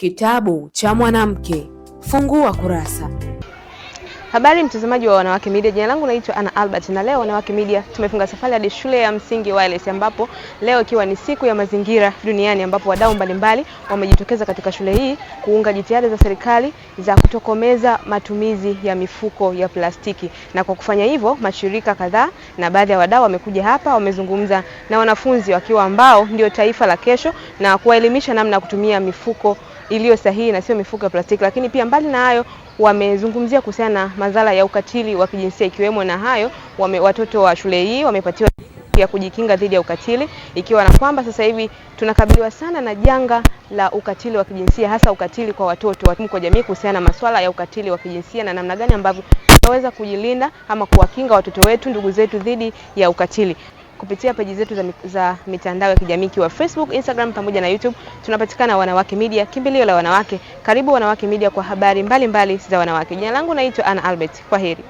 Kitabu cha mwanamke fungua kurasa. Habari mtazamaji wa Wanawake Media, jina langu naitwa Ana Albert, na leo Wanawake Media tumefunga safari hadi shule ya msingi Wireless, ambapo leo ikiwa ni siku ya mazingira duniani, ambapo wadau mbalimbali wamejitokeza katika shule hii kuunga jitihada za serikali za kutokomeza matumizi ya mifuko ya plastiki, na kwa kufanya hivyo mashirika kadhaa na baadhi ya wadau wamekuja hapa, wamezungumza na wanafunzi wakiwa ambao ndio taifa la kesho, na kuwaelimisha namna ya kutumia mifuko iliyo sahihi na sio mifuko ya plastiki. Lakini pia mbali na hayo, wamezungumzia kuhusiana na madhara ya ukatili wa kijinsia ikiwemo na hayo wame, watoto wa shule hii wamepatiwa ya kujikinga dhidi ya ukatili ikiwa na kwamba sasa hivi tunakabiliwa sana na janga la ukatili wa kijinsia hasa ukatili kwa watoto kwa jamii kuhusiana na masuala ya ukatili wa kijinsia na namna gani ambavyo tunaweza kujilinda ama kuwakinga watoto wetu ndugu zetu dhidi ya ukatili kupitia peji zetu za, za mitandao ya kijamii kiwa Facebook, Instagram pamoja na YouTube. Tunapatikana Wanawake Media, kimbilio la wanawake. Karibu Wanawake Media kwa habari mbalimbali mbali za wanawake. Jina langu naitwa Ana Albert. Kwa heri.